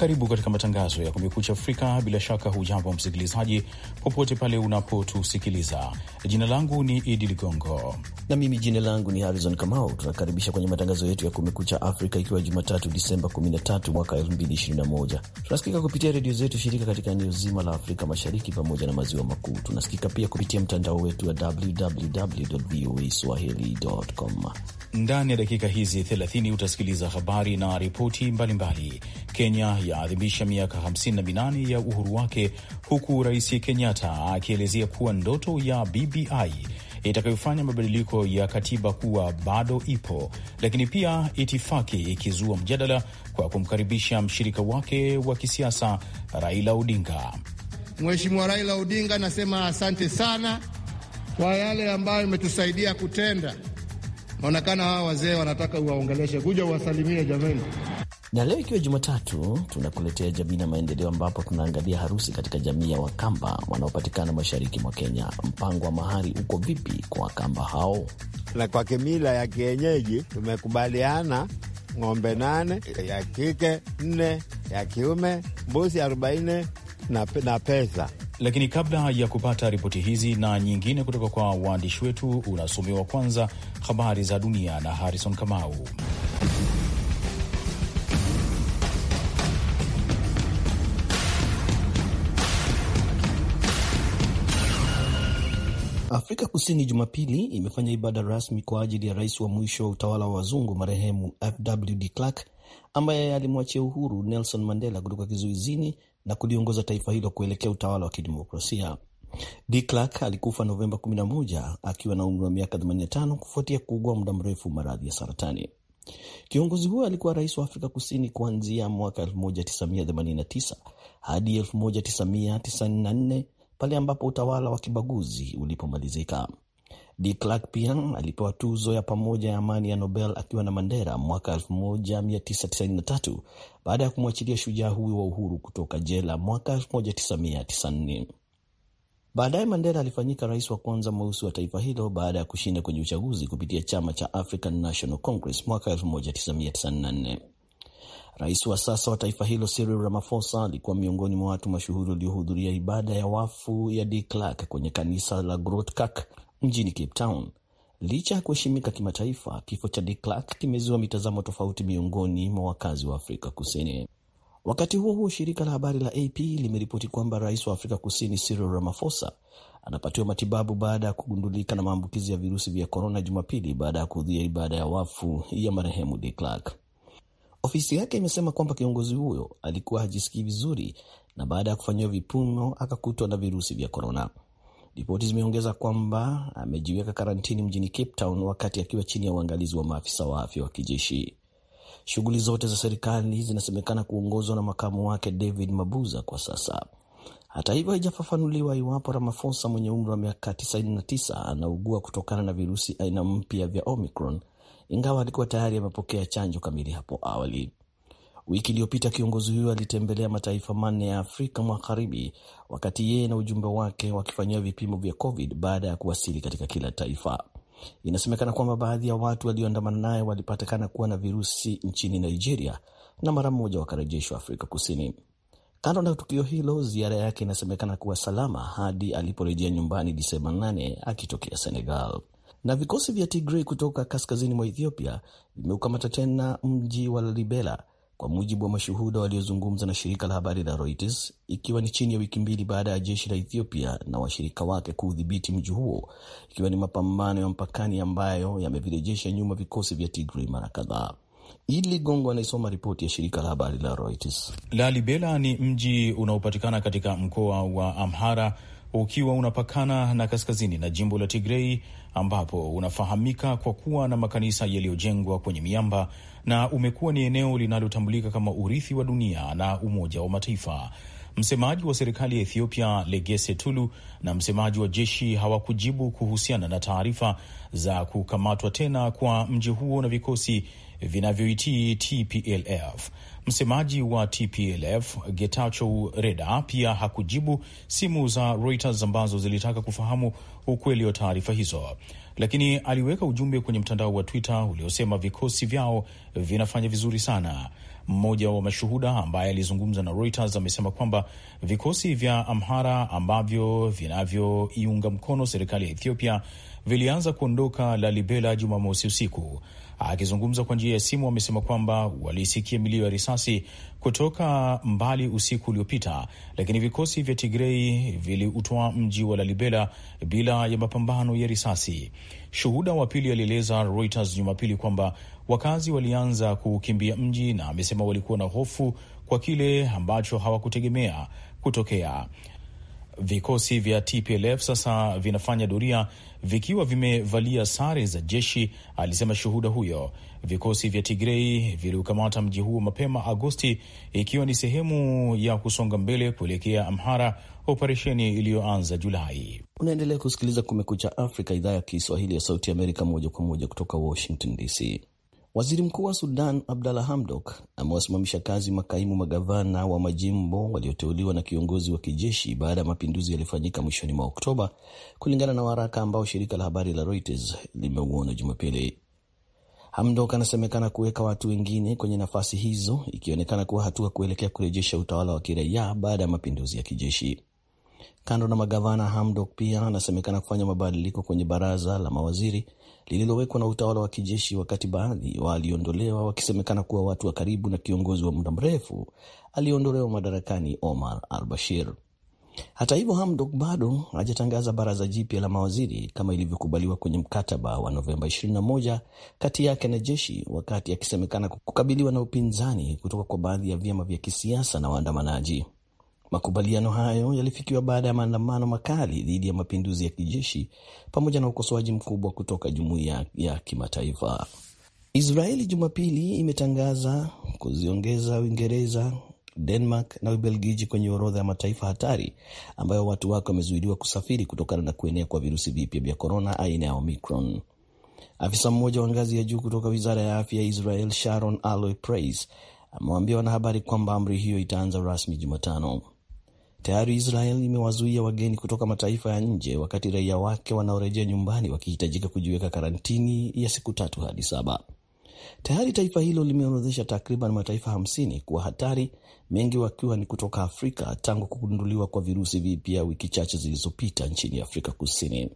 Karibu katika matangazo ya Kumekucha Afrika. Bila shaka hujambo msikilizaji, popote pale unapotusikiliza. Jina langu ni Idi Ligongo na mimi jina langu ni Harrison Kamau. Tunakaribisha kwenye matangazo yetu ya Kumekucha Afrika, ikiwa Jumatatu Disemba 13 mwaka 2021. Tunasikika kupitia redio zetu shirika katika eneo zima la Afrika Mashariki pamoja na maziwa makuu. Tunasikika pia kupitia mtandao wetu wa www voa www.voaswahili.com. Ndani ya dakika hizi 30 utasikiliza habari na ripoti mbalimbali. Kenya yaadhimisha miaka 58 ya uhuru wake, huku Rais Kenyatta akielezea kuwa ndoto ya BBI itakayofanya mabadiliko ya katiba kuwa bado ipo, lakini pia itifaki ikizua mjadala kwa kumkaribisha mshirika wake wa kisiasa Raila Odinga. Mheshimiwa Raila Odinga, nasema asante sana kwa yale ambayo imetusaidia kutenda. Naonekana hawa wazee wanataka uwaongeleshe, kuja uwasalimie jamani na leo ikiwa Jumatatu, tunakuletea jamii na maendeleo, ambapo tunaangalia harusi katika jamii ya Wakamba wanaopatikana mashariki mwa Kenya. Mpango wa mahari uko vipi kwa Wakamba hao? Na kwa kimila ya kienyeji tumekubaliana ng'ombe nane ya kike nne ya kiume, mbuzi arobaini na, na pesa lakini kabla ya kupata ripoti hizi na nyingine kutoka kwa waandishi wetu, unasomewa kwanza habari za dunia na Harrison Kamau. Afrika Kusini Jumapili imefanya ibada rasmi kwa ajili ya rais wa mwisho wa utawala wa wazungu marehemu FW de Klerk ambaye alimwachia uhuru Nelson Mandela kutoka kizuizini na kuliongoza taifa hilo kuelekea utawala wa kidemokrasia. De Klerk alikufa Novemba 11 akiwa na umri wa miaka 85 kufuatia kuugua muda mrefu maradhi ya saratani. Kiongozi huyo alikuwa rais wa Afrika Kusini kuanzia mwaka 1989 hadi 1994 pale ambapo utawala wa kibaguzi ulipomalizika. De Klerk pia alipewa tuzo ya pamoja ya amani ya Nobel akiwa na Mandela mwaka 1993 baada ya kumwachilia shujaa huyo wa uhuru kutoka jela mwaka 1994. Baadaye Mandela alifanyika rais wa kwanza mweusi wa taifa hilo baada ya kushinda kwenye uchaguzi kupitia chama cha African National Congress mwaka 1994. Rais wa sasa wa taifa hilo Cyril Ramaphosa alikuwa miongoni mwa watu mashuhuri waliohudhuria ibada ya wafu ya De Klerk kwenye kanisa la Grotkak mjini Cape Town. Licha ya kuheshimika kimataifa, kifo cha De Klerk kimezua mitazamo tofauti miongoni mwa wakazi wa Afrika Kusini. Wakati huo huo, shirika la habari la AP limeripoti kwamba rais wa Afrika Kusini Cyril Ramaphosa anapatiwa matibabu baada ya kugundulika na maambukizi ya virusi vya korona Jumapili baada ya kuhudhuria ibada ya wafu ya marehemu De Klerk. Ofisi yake imesema kwamba kiongozi huyo alikuwa hajisikii vizuri na baada ya kufanyiwa vipimo akakutwa na virusi vya korona. Ripoti zimeongeza kwamba amejiweka karantini mjini Cape Town wakati akiwa chini ya uangalizi wa maafisa wa afya wa kijeshi. Shughuli zote za serikali zinasemekana kuongozwa na makamu wake David Mabuza kwa sasa. Hata hivyo, haijafafanuliwa iwapo Ramafosa mwenye umri wa miaka 99 anaugua kutokana na virusi aina mpya vya Omicron ingawa alikuwa tayari amepokea chanjo kamili hapo awali. Wiki iliyopita kiongozi huyo alitembelea mataifa manne ya Afrika Magharibi, wakati yeye na ujumbe wake wakifanyiwa vipimo vya COVID baada ya kuwasili katika kila taifa. Inasemekana kwamba baadhi ya watu walioandamana naye walipatikana kuwa na virusi nchini Nigeria na mara moja wakarejeshwa Afrika Kusini. Kando na tukio hilo, ziara yake inasemekana kuwa salama hadi aliporejea nyumbani Disemba 8 akitokea Senegal na vikosi vya Tigray kutoka kaskazini mwa Ethiopia vimeukamata tena mji wa Lalibela, kwa mujibu wa mashuhuda waliozungumza na shirika la habari la Reuters, ikiwa ni chini ya wiki mbili baada ya jeshi la Ethiopia na washirika wake kuudhibiti mji huo, ikiwa ni mapambano ya mpakani ambayo yamevirejesha nyuma vikosi vya Tigray mara kadhaa. Ili Gongo anaisoma ripoti ya shirika la habari la Reuters. Lalibela ni mji unaopatikana katika mkoa wa Amhara ukiwa unapakana na kaskazini na jimbo la Tigrei ambapo unafahamika kwa kuwa na makanisa yaliyojengwa kwenye miamba na umekuwa ni eneo linalotambulika kama urithi wa dunia na Umoja wa Mataifa. Msemaji wa serikali ya Ethiopia Legese Tulu na msemaji wa jeshi hawakujibu kuhusiana na taarifa za kukamatwa tena kwa mji huo na vikosi vinavyoitii TPLF. Msemaji wa TPLF Getachew Reda pia hakujibu simu za Reuters ambazo zilitaka kufahamu ukweli wa taarifa hizo, lakini aliweka ujumbe kwenye mtandao wa Twitter uliosema vikosi vyao vinafanya vizuri sana. Mmoja wa mashuhuda ambaye alizungumza na Reuters amesema kwamba vikosi vya Amhara ambavyo vinavyoiunga mkono serikali ya Ethiopia vilianza kuondoka Lalibela Jumamosi usiku Akizungumza kwa njia ya simu, amesema kwamba walisikia milio ya risasi kutoka mbali usiku uliopita, lakini vikosi vya Tigrei viliutwaa mji wa Lalibela bila ya mapambano ya risasi. Shuhuda wa pili alieleza Reuters Jumapili kwamba wakazi walianza kukimbia mji, na amesema walikuwa na hofu kwa kile ambacho hawakutegemea kutokea. Vikosi vya TPLF sasa vinafanya doria vikiwa vimevalia sare za jeshi, alisema shuhuda huyo. Vikosi vya Tigrei viliukamata mji huo mapema Agosti, ikiwa ni sehemu ya kusonga mbele kuelekea Amhara, operesheni iliyoanza Julai. Unaendelea kusikiliza Kumekucha Afrika, idhaa ya Kiswahili ya Sauti ya Amerika, moja kwa moja kutoka Washington DC. Waziri Mkuu wa Sudan Abdalla Hamdok amewasimamisha kazi makaimu magavana wa majimbo walioteuliwa na kiongozi wa kijeshi baada ya mapinduzi yaliyofanyika mwishoni mwa Oktoba, kulingana na waraka ambao shirika la habari la Reuters limeuona Jumapili. Hamdok anasemekana kuweka watu wengine kwenye nafasi hizo, ikionekana kuwa hatua kuelekea kurejesha utawala wa kiraia baada ya mapinduzi ya kijeshi. Kando na magavana, Hamdok pia anasemekana kufanya mabadiliko kwenye baraza la mawaziri lililowekwa na utawala wa kijeshi, wakati baadhi waliondolewa wakisemekana kuwa watu wa karibu na kiongozi wa muda mrefu aliyeondolewa madarakani Omar al-Bashir. Hata hivyo, Hamdok bado hajatangaza baraza jipya la mawaziri kama ilivyokubaliwa kwenye mkataba wa Novemba 21 kati yake na jeshi, wakati akisemekana kukabiliwa na upinzani kutoka kwa baadhi ya vyama vya kisiasa na waandamanaji. Makubaliano hayo yalifikiwa baada ya maandamano makali dhidi ya mapinduzi ya kijeshi pamoja na ukosoaji mkubwa kutoka jumuiya ya kimataifa. Israeli Jumapili imetangaza kuziongeza Uingereza, Denmark na Ubelgiji kwenye orodha ya mataifa hatari ambayo watu wake wamezuiliwa kusafiri kutokana na kuenea kwa virusi vipya vya korona aina ya Omicron. Afisa mmoja wa ngazi ya juu kutoka wizara ya afya ya Israel, Sharon Aloy Price, amewaambia wanahabari kwamba amri hiyo itaanza rasmi Jumatano. Tayari Israel imewazuia wageni kutoka mataifa ya nje, wakati raia wake wanaorejea nyumbani wakihitajika kujiweka karantini ya siku tatu hadi saba. Tayari taifa hilo limeorodhesha takriban mataifa hamsini kuwa hatari, mengi wakiwa ni kutoka Afrika tangu kugunduliwa kwa virusi vipya wiki chache zilizopita nchini Afrika Kusini.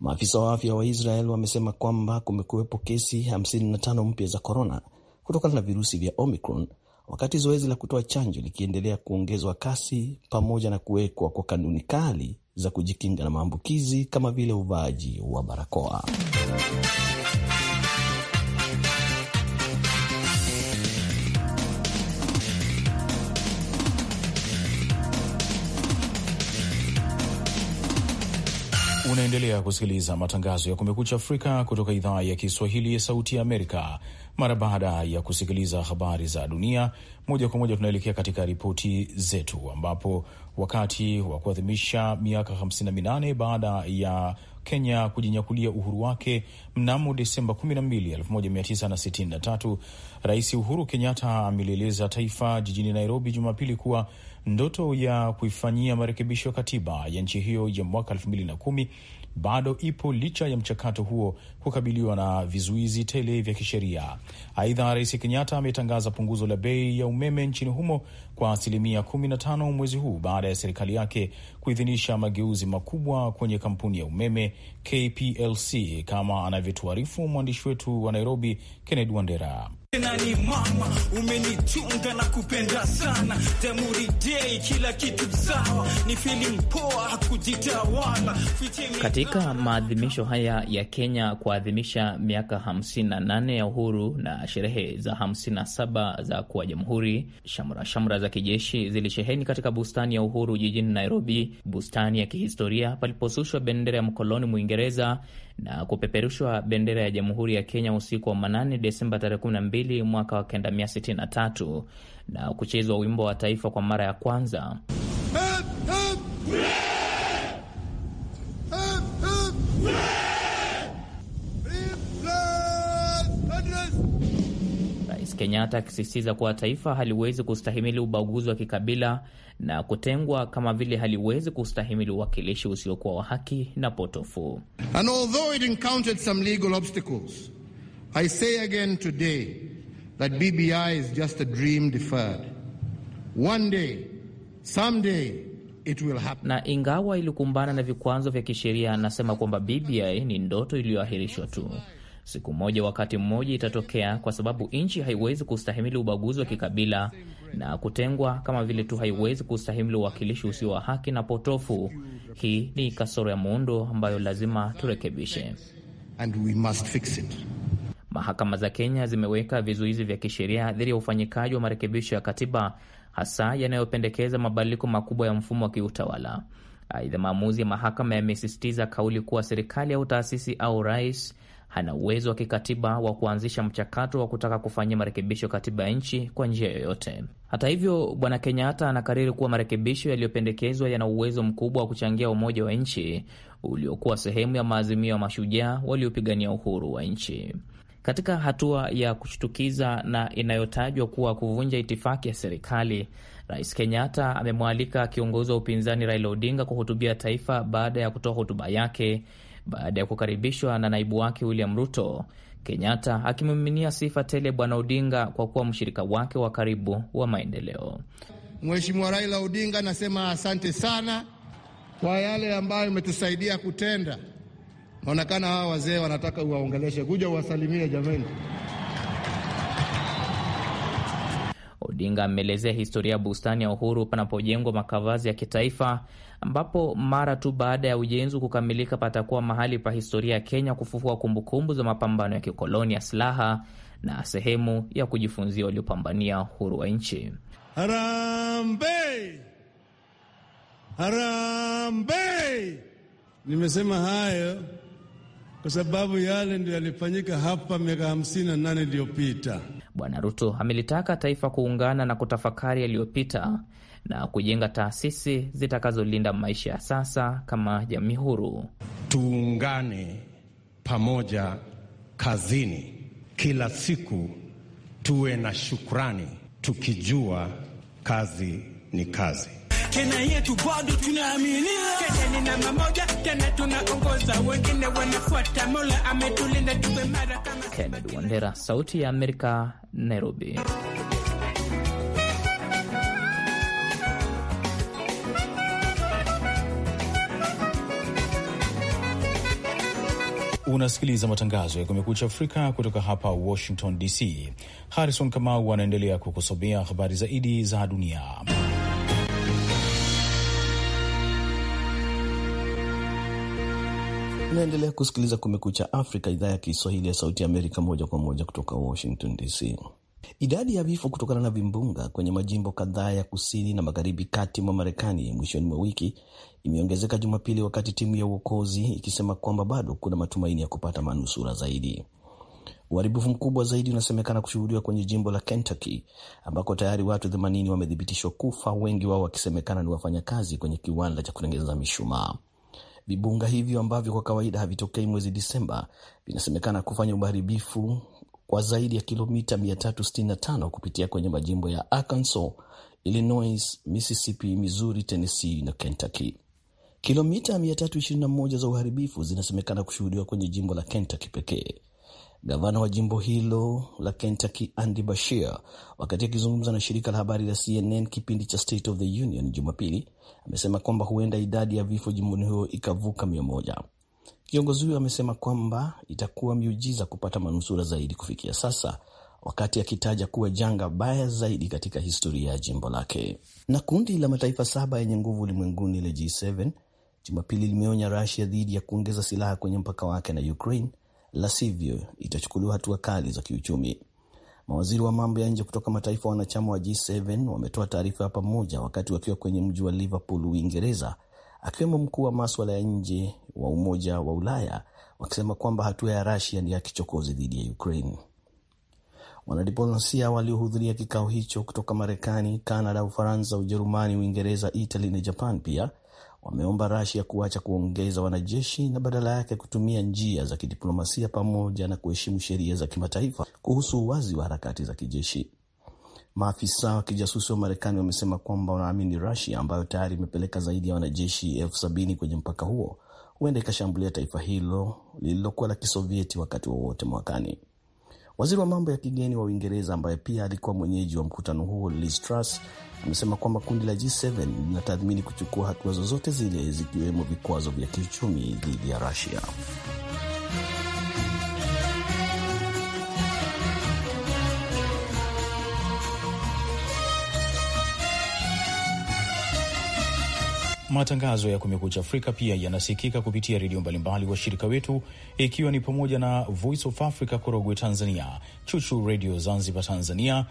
Maafisa wa afya wa Israel wamesema kwamba kumekuwepo kesi 55 mpya za korona kutokana na virusi vya Omicron wakati zoezi la kutoa chanjo likiendelea kuongezwa kasi pamoja na kuwekwa kwa kanuni kali za kujikinga na maambukizi kama vile uvaaji wa barakoa. Unaendelea kusikiliza matangazo ya Kumekucha Afrika kutoka idhaa ya Kiswahili ya Sauti ya Amerika. Mara baada ya kusikiliza habari za dunia moja kwa moja, tunaelekea katika ripoti zetu, ambapo wakati wa kuadhimisha miaka 58 baada ya Kenya kujinyakulia uhuru wake mnamo Desemba 12, 1963, Rais Uhuru Kenyatta amelieleza taifa jijini Nairobi Jumapili kuwa Ndoto ya kuifanyia marekebisho katiba ya nchi hiyo ya mwaka elfu mbili na kumi bado ipo licha ya mchakato huo kukabiliwa na vizuizi tele vya kisheria. Aidha, Rais Kenyatta ametangaza punguzo la bei ya umeme nchini humo kwa asilimia 15 mwezi huu baada ya serikali yake kuidhinisha mageuzi makubwa kwenye kampuni ya umeme KPLC, kama anavyotuarifu mwandishi wetu wa Nairobi, kenned Wandera ni mama, umenitunga na kupenda sana Day, kila kitu sawa, ni feeling poa kujitawala. Katika maadhimisho haya ya Kenya kuadhimisha miaka 58 ya uhuru na sherehe za 57 za kuwa jamhuri, shamra shamra za kijeshi zilisheheni katika bustani ya Uhuru jijini Nairobi, bustani ya kihistoria paliposushwa bendera ya mkoloni Mwingereza na kupeperushwa bendera ya Jamhuri ya Kenya usiku wa manane Desemba tarehe 12 mwaka wa 1963 na kuchezwa wimbo wa taifa kwa mara ya kwanza. Rais Kenyatta akisisitiza kuwa taifa haliwezi kustahimili ubaguzi wa kikabila na kutengwa kama vile haliwezi kustahimili uwakilishi usiokuwa wa haki na potofu. And although it encountered some legal obstacles, I say again today that BBI is just a dream deferred. One day, someday It will happen. Na ingawa ilikumbana na vikwazo vya kisheria, anasema kwamba BBI ni ndoto iliyoahirishwa tu. Siku moja, wakati mmoja itatokea, kwa sababu nchi haiwezi kustahimili ubaguzi wa kikabila na kutengwa kama vile tu haiwezi kustahimili uwakilishi usio wa haki na potofu. Hii ni kasoro ya muundo ambayo lazima turekebishe. And we must fix it. Mahakama za Kenya zimeweka vizuizi vya kisheria dhidi ya ufanyikaji wa marekebisho ya katiba hasa yanayopendekeza mabadiliko makubwa ya mfumo wa kiutawala. Aidha, maamuzi ya mahakama yamesisitiza kauli kuwa serikali au taasisi au rais hana uwezo wa kikatiba wa kuanzisha mchakato wa kutaka kufanyia marekebisho katiba ya nchi kwa njia yoyote. Hata hivyo, Bwana Kenyatta anakariri kuwa marekebisho yaliyopendekezwa yana uwezo mkubwa wa kuchangia umoja wa nchi uliokuwa sehemu ya maazimio ya mashujaa waliopigania uhuru wa nchi. Katika hatua ya kushtukiza na inayotajwa kuwa kuvunja itifaki ya serikali, Rais Kenyatta amemwalika kiongozi wa upinzani Raila Odinga kuhutubia taifa baada ya kutoa hotuba yake baada ya kukaribishwa na naibu wake William Ruto, Kenyatta akimiminia sifa tele Bwana Odinga kwa kuwa mshirika wake wa karibu wa maendeleo. Mheshimiwa Raila Odinga, nasema asante sana kwa yale ambayo imetusaidia kutenda. Naonekana hawa wazee wanataka uwaongeleshe, kuja uwasalimie jameni. Odinga ameelezea historia ya bustani ya Uhuru panapojengwa makavazi ya kitaifa ambapo mara tu baada ya ujenzi kukamilika patakuwa mahali pa historia ya Kenya kufufua kumbukumbu za mapambano ya kikoloni ya silaha na sehemu ya kujifunzia waliopambania uhuru wa nchi. Harambee! Nimesema hayo kwa sababu yale ndio yalifanyika hapa miaka hamsini na nane iliyopita. Bwana Ruto amelitaka taifa kuungana na kutafakari yaliyopita na kujenga taasisi zitakazolinda maisha ya sasa kama jamii huru. Tuungane pamoja kazini kila siku, tuwe na shukrani, tukijua kazi ni kazi. Kenya yetu bado tunaaminia, Kenya ni namba moja, tena tunaongoza, wengine wanafuata. Mola ametulinda, tuwe mara kama. Kennedy Wandera, Sauti ya Amerika, Nairobi. Unasikiliza matangazo ya Kumekucha Afrika kutoka hapa Washington DC. Harrison Kamau anaendelea kukusomea habari zaidi za dunia. Unaendelea kusikiliza Kumekucha Afrika, idhaa ya Kiswahili ya Sauti ya Amerika, moja kwa moja kutoka Washington DC. Idadi ya vifo kutokana na vimbunga kwenye majimbo kadhaa ya kusini na magharibi kati mwa Marekani mwishoni mwa wiki imeongezeka Jumapili, wakati timu ya uokozi ikisema kwamba bado kuna matumaini ya kupata manusura zaidi. Uharibifu mkubwa zaidi unasemekana kushuhudiwa kwenye jimbo la Kentucky ambako tayari watu 80 wamethibitishwa kufa, wengi wao wakisemekana ni wafanyakazi kwenye kiwanda cha kutengeneza mishumaa. Vibunga hivyo ambavyo kwa kawaida havitokei mwezi Disemba vinasemekana kufanya uharibifu kwa zaidi ya kilomita 365 kupitia kwenye majimbo ya Arkansas, Illinois, Mississippi, Missouri, Tennessee na Kentucky. Kilomita 321 za uharibifu zinasemekana kushuhudiwa kwenye jimbo la Kentucky pekee. Gavana wa jimbo hilo la Kentucky, Andy Bashir, wakati akizungumza na shirika la habari la CNN kipindi cha State of the Union Jumapili, amesema kwamba huenda idadi ya vifo jimboni huyo ikavuka mia moja. Kiongozi huyo amesema kwamba itakuwa miujiza kupata manusura zaidi kufikia sasa, wakati akitaja kuwa janga baya zaidi katika historia ya jimbo lake. Na kundi la mataifa saba yenye nguvu ulimwenguni la G7 Jumapili limeonya Rusia dhidi ya kuongeza silaha kwenye mpaka wake na Ukraine, la sivyo itachukuliwa hatua kali za kiuchumi. Mawaziri wa mambo ya nje kutoka mataifa wanachama wa G7 wametoa taarifa ya pamoja wakati wakiwa kwenye mji wa Liverpool, Uingereza, akiwemo mkuu wa maswala ya nje wa Umoja wa Ulaya wakisema kwamba hatua ya rasia ni ya kichokozi dhidi ya Ukraine. Wanadiplomasia waliohudhuria kikao hicho kutoka Marekani, Kanada, Ufaransa, Ujerumani, Uingereza, Italy na Japan pia wameomba rasia kuacha kuongeza wanajeshi na badala yake kutumia njia za kidiplomasia pamoja na kuheshimu sheria za kimataifa kuhusu uwazi wa harakati za kijeshi. Maafisa wa kijasusi wa Marekani wamesema kwamba wanaamini rasia ambayo tayari imepeleka zaidi ya wanajeshi elfu sabini kwenye mpaka huo huenda ikashambulia taifa hilo lililokuwa la Kisovieti wakati wowote wa mwakani. Waziri wa mambo ya kigeni wa Uingereza ambaye pia alikuwa mwenyeji wa mkutano huo, Liz Truss amesema kwamba kundi la G7 linatathmini kuchukua hatua zozote zile zikiwemo vikwazo vya kiuchumi dhidi ya rusia Matangazo ya Kumekucha Afrika pia yanasikika kupitia redio mbalimbali washirika wetu, ikiwa ni pamoja na Voice of Africa Korogwe Tanzania, Chuchu Redio Zanzibar Tanzania,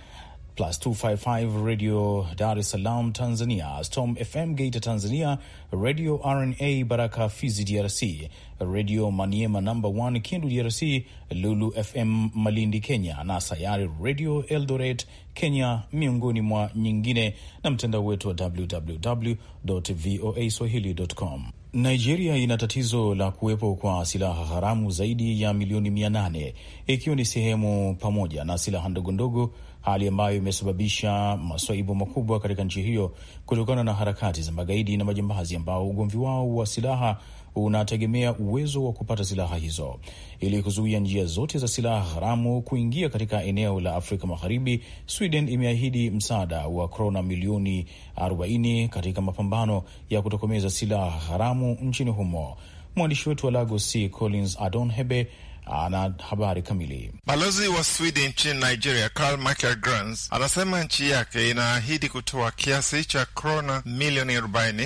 plus 255 Radio Dar es Salaam Tanzania, Storm FM Gate Tanzania, Radio RNA Baraka Fizi DRC, Radio Maniema namba 1 Kindu DRC, Lulu FM Malindi Kenya na Sayari Radio Eldoret Kenya, miongoni mwa nyingine, na mtandao wetu wa www voa swahili.com. Nigeria ina tatizo la kuwepo kwa silaha haramu zaidi ya milioni mia nane ikiwa ni sehemu pamoja na silaha ndogondogo, hali ambayo imesababisha masaibu makubwa katika nchi hiyo kutokana na harakati za magaidi na majambazi ambao ugomvi wao wa silaha unategemea uwezo wa kupata silaha hizo. Ili kuzuia njia zote za silaha haramu kuingia katika eneo la Afrika Magharibi, Sweden imeahidi msaada wa krona milioni 40 katika mapambano ya kutokomeza silaha haramu nchini humo. Mwandishi wetu wa Lagos, Collins Adon Hebe ana habari kamili. Balozi wa Sweden nchini Nigeria Michael Grans anasema nchi yake inaahidi kutoa kiasi cha krona milioni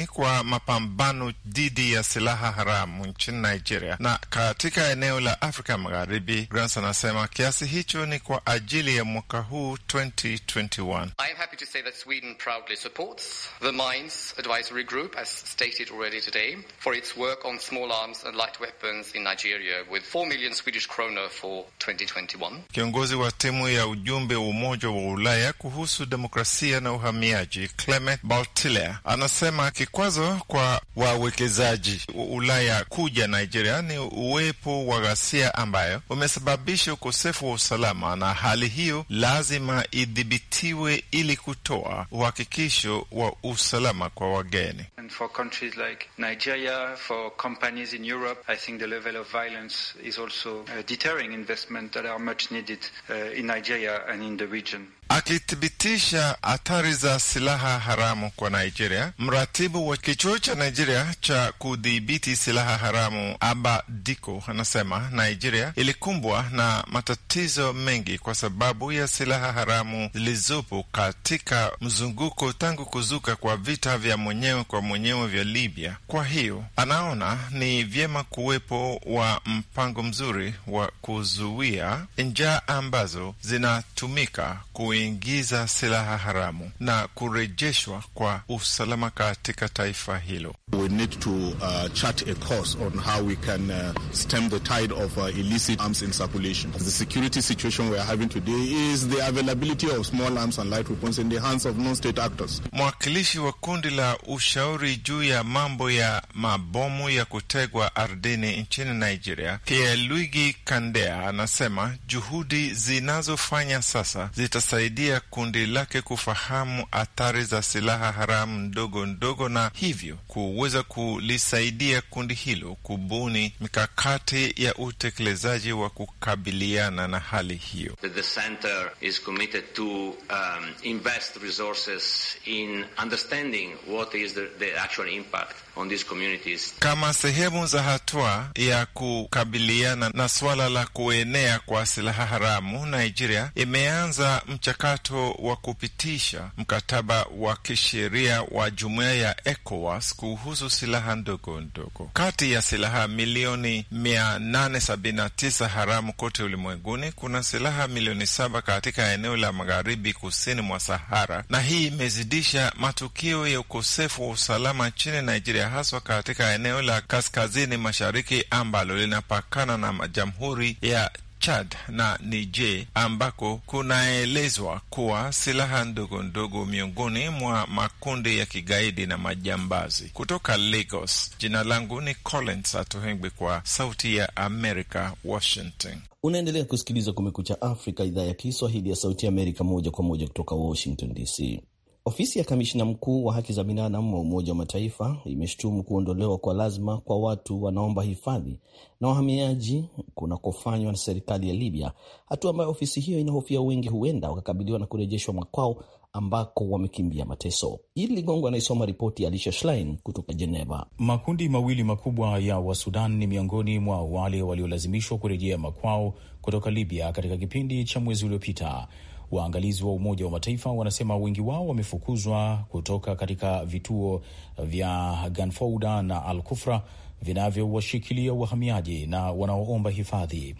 kwa mapambano dhidi ya silaha haramu nchini Nigeria na katika eneo la Afrika Magharibi. Grans anasema kiasi hicho ni kwa ajili ya mwaka huu 2021. I am happy to say that Sweden proudly supports the Mines Advisory Group as stated already today for its work on small arms and light weapons in Nigeria with 4 million Swedish krona for 2021. Kiongozi wa timu ya ujumbe wa Umoja wa Ulaya kuhusu demokrasia na uhamiaji Clement Baltiler anasema kikwazo kwa wawekezaji wa Ulaya kuja Nigeria ni uwepo wa ghasia ambayo umesababisha ukosefu wa usalama, na hali hiyo lazima idhibitiwe ili kutoa uhakikisho wa usalama kwa wageni. And for countries like Nigeria, for companies in Europe, I think the level of violence is also uh, deterring investment that are much needed uh, in Nigeria and in the region. Akithibitisha athari za silaha haramu kwa Nigeria, mratibu wa kichuo cha Nigeria cha kudhibiti silaha haramu Aba Diko anasema Nigeria ilikumbwa na matatizo mengi kwa sababu ya silaha haramu zilizopo katika mzunguko tangu kuzuka kwa vita vya mwenyewe kwa mwenyewe vya Libya. Kwa hiyo anaona ni vyema kuwepo wa mpango mzuri wa kuzuia njaa ambazo zinatumika kui kuingiza silaha haramu na kurejeshwa kwa usalama katika taifa hilo. We need to, uh, chart a course on how we can, uh, stem the tide of, uh, illicit arms in circulation. The security situation we are having today is the availability of small arms and light weapons in the hands of non-state actors. Mwakilishi wa kundi la ushauri juu ya mambo ya mabomu ya kutegwa ardhini nchini Nigeria, Kieluigi Kandea anasema juhudi zinazofanya sasa zitasaidia kusaidia kundi lake kufahamu athari za silaha haramu ndogo ndogo, na hivyo kuweza kulisaidia kundi hilo kubuni mikakati ya utekelezaji wa kukabiliana na hali hiyo. The center is committed to um, invest resources in understanding what is the, the actual impact on these communities. Kama sehemu za hatua ya kukabiliana na suala la kuenea kwa silaha haramu, Nigeria imeanza mchakato wa kupitisha mkataba wa kisheria wa jumuiya ya ECOWAS kuhusu silaha ndogo ndogo. Kati ya silaha milioni 879 haramu kote ulimwenguni, kuna silaha milioni saba katika eneo la magharibi kusini mwa Sahara, na hii imezidisha matukio ya ukosefu wa usalama nchini Nigeria haswa katika eneo la kaskazini mashariki ambalo linapakana na jamhuri ya Chad na Niger ambako kunaelezwa kuwa silaha ndogo ndogo miongoni mwa makundi ya kigaidi na majambazi. Kutoka Lagos, jina langu ni Collins Atohengwi kwa Sauti ya Amerika, Washington. Unaendelea kusikiliza Kumekucha Afrika, idhaa ya Kiswahili ya Sauti ya Amerika, moja kwa moja kutoka Washington DC. Ofisi ya kamishina mkuu wa haki za binadamu wa Umoja wa Mataifa imeshutumu kuondolewa kwa lazima kwa watu wanaomba hifadhi na wahamiaji kunakofanywa na serikali ya Libya, hatua ambayo ofisi hiyo inahofia wengi huenda wakakabiliwa na kurejeshwa makwao ambako wamekimbia mateso. Ili Ligongo anaisoma ripoti ya Alisha Schlein kutoka Jeneva. Makundi mawili makubwa ya Wasudan ni miongoni mwa wale waliolazimishwa kurejea makwao kutoka Libya katika kipindi cha mwezi uliopita. Waangalizi wa Umoja wa Mataifa wanasema wengi wao wamefukuzwa kutoka katika vituo vya Ganfouda na Al Kufra vinavyowashikilia wahamiaji na wanaoomba hifadhi.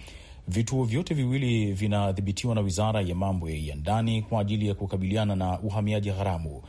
Vituo vyote viwili vinadhibitiwa na Wizara ya Mambo ya Ndani kwa ajili ya kukabiliana na uhamiaji haramu.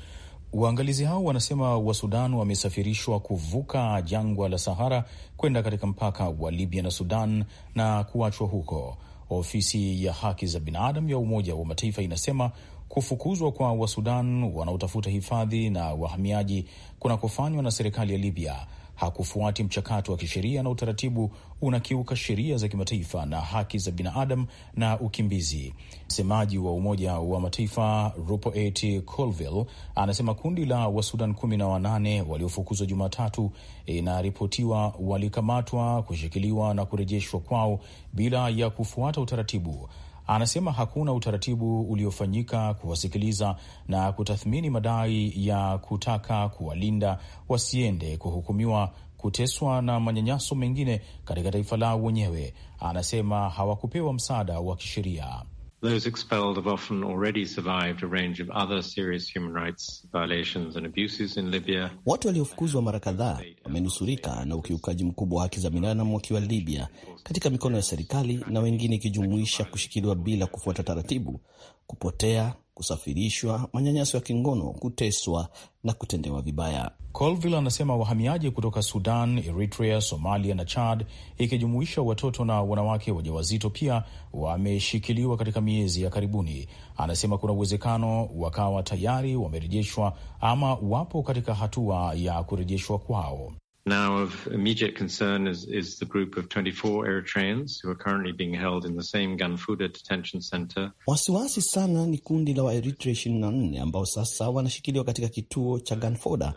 Waangalizi hao wanasema Wasudan wamesafirishwa kuvuka jangwa la Sahara kwenda katika mpaka wa Libya na Sudan na kuachwa huko. Ofisi ya haki za binadamu ya Umoja wa Mataifa inasema kufukuzwa kwa Wasudan wanaotafuta hifadhi na wahamiaji kunakofanywa na serikali ya Libya hakufuati mchakato wa kisheria na utaratibu, unakiuka sheria za kimataifa na haki za binadamu na ukimbizi. Msemaji wa Umoja wa Mataifa Rupert Colville anasema kundi la Wasudan kumi na wanane waliofukuzwa Jumatatu inaripotiwa walikamatwa, kushikiliwa na kurejeshwa kwao bila ya kufuata utaratibu anasema hakuna utaratibu uliofanyika kuwasikiliza na kutathmini madai ya kutaka kuwalinda wasiende kuhukumiwa, kuteswa na manyanyaso mengine katika taifa lao wenyewe. Anasema hawakupewa msaada wa kisheria. Those expelled have often already survived a range of other serious human rights violations and abuses in Libya. Watu waliofukuzwa mara kadhaa wamenusurika na ukiukaji mkubwa wa haki za binadamu wakiwa Libya katika mikono ya serikali na wengine ikijumuisha kushikiliwa bila kufuata taratibu, kupotea, kusafirishwa, manyanyaso ya kingono, kuteswa na kutendewa vibaya. Colville anasema wahamiaji kutoka Sudan, Eritrea, Somalia na Chad, ikijumuisha watoto na wanawake wajawazito, pia wameshikiliwa katika miezi ya karibuni. Anasema kuna uwezekano wakawa tayari wamerejeshwa ama wapo katika hatua ya kurejeshwa kwao. Now of immediate concern is, is the group of 24 Eritreans who are currently being held in the same Ganfuda detention center. Wasiwasi sana ni kundi la Waeritrea 24 ambao sasa wanashikiliwa katika kituo cha Ganfuda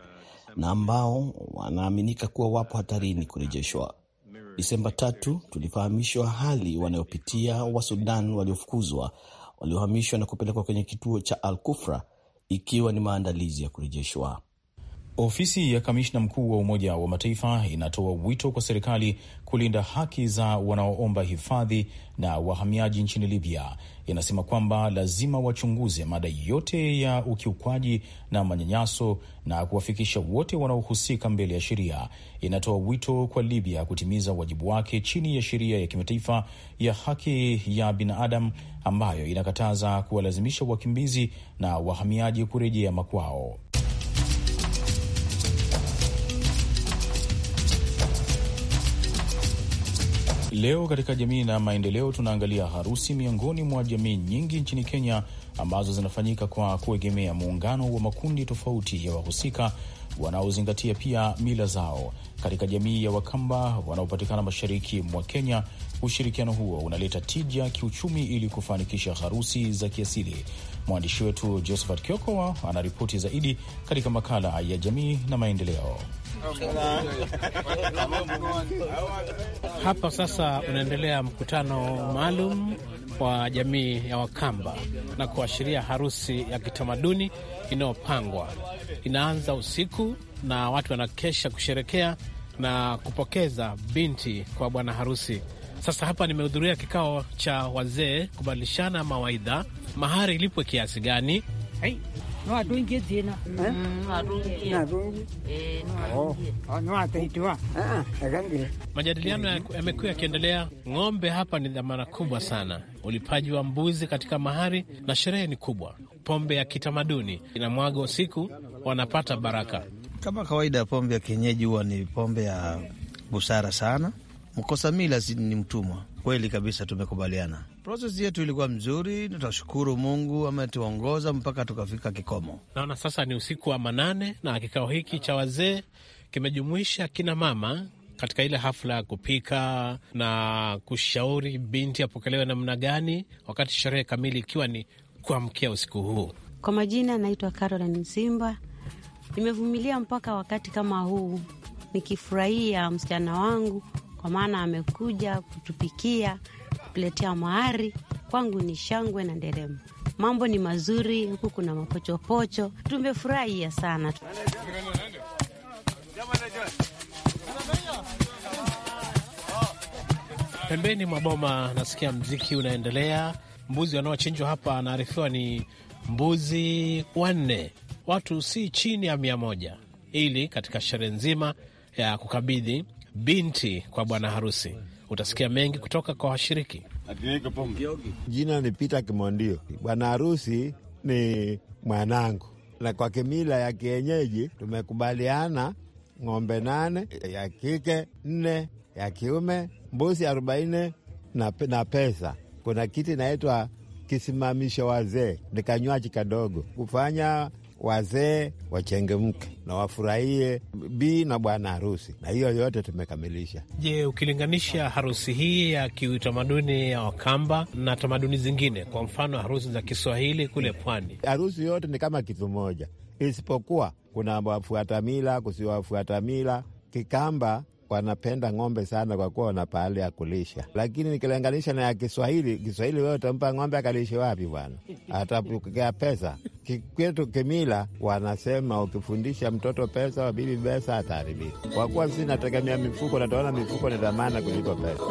na ambao wanaaminika kuwa wapo hatarini kurejeshwa. Desemba tatu tulifahamishwa hali wanayopitia wa Sudan waliofukuzwa, waliohamishwa na kupelekwa kwenye kituo cha Al Kufra ikiwa ni maandalizi ya kurejeshwa. Ofisi ya kamishna mkuu wa Umoja wa Mataifa inatoa wito kwa serikali kulinda haki za wanaoomba hifadhi na wahamiaji nchini Libya. Inasema kwamba lazima wachunguze madai yote ya ukiukwaji na manyanyaso na kuwafikisha wote wanaohusika mbele ya sheria. Inatoa wito kwa Libya kutimiza wajibu wake chini ya sheria ya kimataifa ya haki ya binadamu ambayo inakataza kuwalazimisha wakimbizi na wahamiaji kurejea makwao. Leo katika jamii na maendeleo, tunaangalia harusi miongoni mwa jamii nyingi nchini Kenya ambazo zinafanyika kwa kuegemea muungano wa makundi tofauti ya wahusika wanaozingatia pia mila zao. Katika jamii ya Wakamba wanaopatikana mashariki mwa Kenya, ushirikiano huo unaleta tija kiuchumi ili kufanikisha harusi za kiasili. Mwandishi wetu Josephat Kioko anaripoti zaidi katika makala ya jamii na maendeleo. Hapa sasa unaendelea mkutano maalum wa jamii ya Wakamba na kuashiria harusi ya kitamaduni inayopangwa. Inaanza usiku na watu wanakesha kusherekea na kupokeza binti kwa bwana harusi. Sasa hapa nimehudhuria kikao cha wazee kubadilishana mawaidha, mahari ilipwe kiasi gani? Hey. Uh-uh. majadiliano yamekuwa yakiendelea. Ng'ombe hapa ni dhamana kubwa sana. Ulipaji wa mbuzi katika mahari na sherehe ni kubwa. Pombe ya kitamaduni inamwaga usiku, wanapata baraka kama kawaida. Pombe ya kienyeji huwa ni pombe ya busara sana. Mkosa mila ni mtumwa. Kweli kabisa, tumekubaliana Proses yetu ilikuwa mzuri na tunashukuru Mungu ametuongoza mpaka tukafika kikomo. Naona sasa ni usiku wa manane na kikao hiki cha wazee kimejumuisha kina mama katika ile hafla ya kupika na kushauri binti apokelewe namna gani, wakati sherehe kamili ikiwa ni kuamkia usiku huu. Kwa majina anaitwa Carolin Simba. Nimevumilia mpaka wakati kama huu nikifurahia msichana wangu, kwa maana amekuja kutupikia kuletea mahari kwangu ni shangwe na nderemo. Mambo ni mazuri huku, kuna mapochopocho, tumefurahia sana. Pembeni mwa boma nasikia mziki unaendelea. Mbuzi wanaochinjwa hapa anaarifiwa ni mbuzi wanne, watu si chini ya mia moja, ili katika sherehe nzima ya kukabidhi binti kwa bwana harusi. Utasikia mengi kutoka kwa washiriki. Jina ni Peter Kimondio. Bwana harusi ni mwanangu, na kwa kimila ya kienyeji tumekubaliana ng'ombe nane ya kike nne ya kiume, mbuzi arobaini na, na pesa. Kuna kiti inaitwa kisimamisho wazee, ni kanywaji kadogo kufanya wazee wachengemke na wafurahie bii na bwana harusi, na hiyo yote tumekamilisha. Je, ukilinganisha harusi hii ya kiutamaduni ya Wakamba na tamaduni zingine, kwa mfano harusi za Kiswahili kule pwani, harusi yote ni kama kitu moja, isipokuwa kuna wafuata mila kusiwafuata mila. Kikamba wanapenda ng'ombe sana kwa kuwa wana pahali ya kulisha, lakini nikilinganisha na ya Kiswahili, Kiswahili wewe utampa ng'ombe akalishe wapi bwana? Atapokea pesa. Kikwetu kimila wanasema ukifundisha mtoto pesa, wabibi pesa, ataharibika. Kwa kuwa sisi nategemea mifuko, nataona mifuko ni dhamana kuliko pesa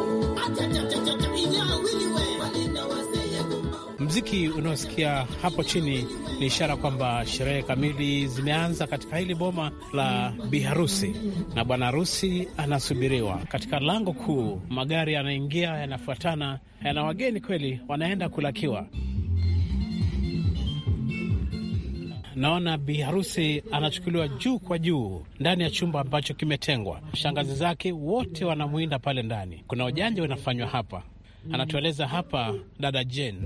mziki unaosikia hapo chini ni ishara kwamba sherehe kamili zimeanza katika hili boma la biharusi, na bwana harusi anasubiriwa katika lango kuu. Magari yanaingia, yanafuatana, yana wageni kweli, wanaenda kulakiwa. Naona biharusi anachukuliwa juu kwa juu ndani ya chumba ambacho kimetengwa. Shangazi zake wote wanamwinda pale ndani. Kuna ujanja unafanywa hapa, anatueleza hapa dada Jane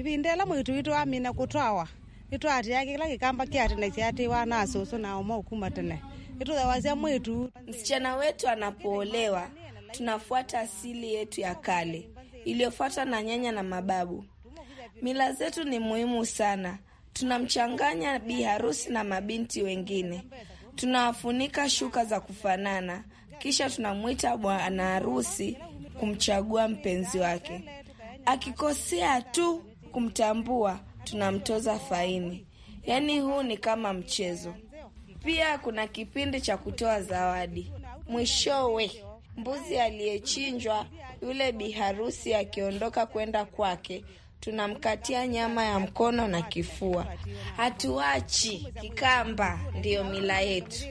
ivi ndela mwitu witu wamina kutwawa itwatiake kila kikamba kiatene kyatiwa na susu na uma ukuma tene ituthawasia mwitu. Msichana wetu anapoolewa tunafuata asili yetu ya kale iliyofuatwa na nyanya na mababu. Mila zetu ni muhimu sana. Tunamchanganya bi harusi na mabinti wengine, tunawafunika shuka za kufanana, kisha tunamwita bwana harusi kumchagua mpenzi wake. Akikosea tu kumtambua tunamtoza faini. Yaani huu ni kama mchezo. Pia kuna kipindi cha kutoa zawadi. Mwishowe mbuzi aliyechinjwa yule biharusi akiondoka kwenda kwake, tunamkatia nyama ya mkono na kifua. Hatuachi kikamba, ndiyo mila yetu.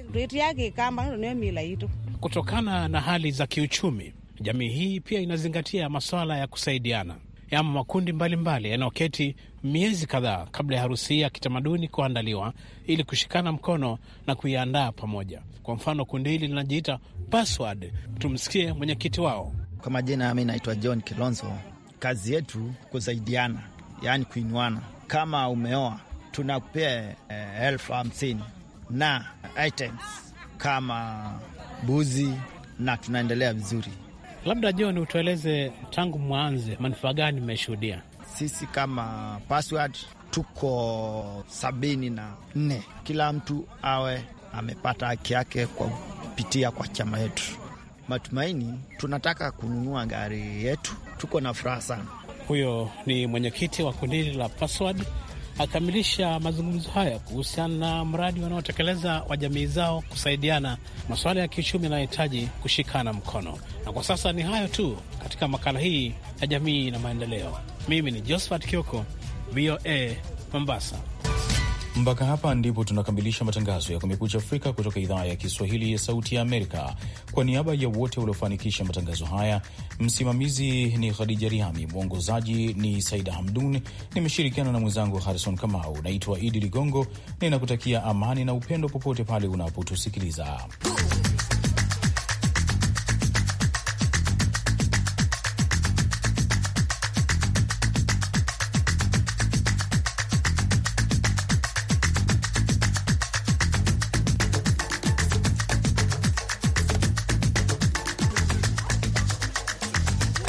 Kutokana na hali za kiuchumi, jamii hii pia inazingatia masuala ya kusaidiana ama makundi mbalimbali yanayoketi miezi kadhaa kabla ya harusi ya kitamaduni kuandaliwa ili kushikana mkono na kuiandaa pamoja. Kwa mfano, kundi hili linajiita Password. Tumsikie mwenyekiti wao. Kwa majina, mi naitwa John Kilonzo. Kazi yetu kusaidiana, yaani kuinuana. Kama umeoa, tunakupea eh, elfu hamsini na items kama buzi, na tunaendelea vizuri Labda John, utueleze tangu mwanze manufaa gani mmeshuhudia? Sisi kama Password tuko sabini na nne. Kila mtu awe amepata haki yake kwa kupitia kwa chama yetu. Matumaini, tunataka kununua gari yetu, tuko na furaha sana. Huyo ni mwenyekiti wa kundi la Password akamilisha mazungumzo haya kuhusiana na mradi wanaotekeleza wa jamii zao kusaidiana masuala ya kiuchumi yanayohitaji kushikana mkono. Na kwa sasa ni hayo tu katika makala hii ya jamii na maendeleo. Mimi ni Josephat Kioko, VOA Mombasa. Mpaka hapa ndipo tunakamilisha matangazo ya Kumekucha Afrika kutoka idhaa ya Kiswahili ya Sauti ya Amerika. Kwa niaba ya wote waliofanikisha matangazo haya, msimamizi ni Khadija riami mwongozaji ni Saida Hamdun, nimeshirikiana na mwenzangu Harrison Kamau. Naitwa Idi Ligongo, ninakutakia amani na upendo popote pale unapotusikiliza.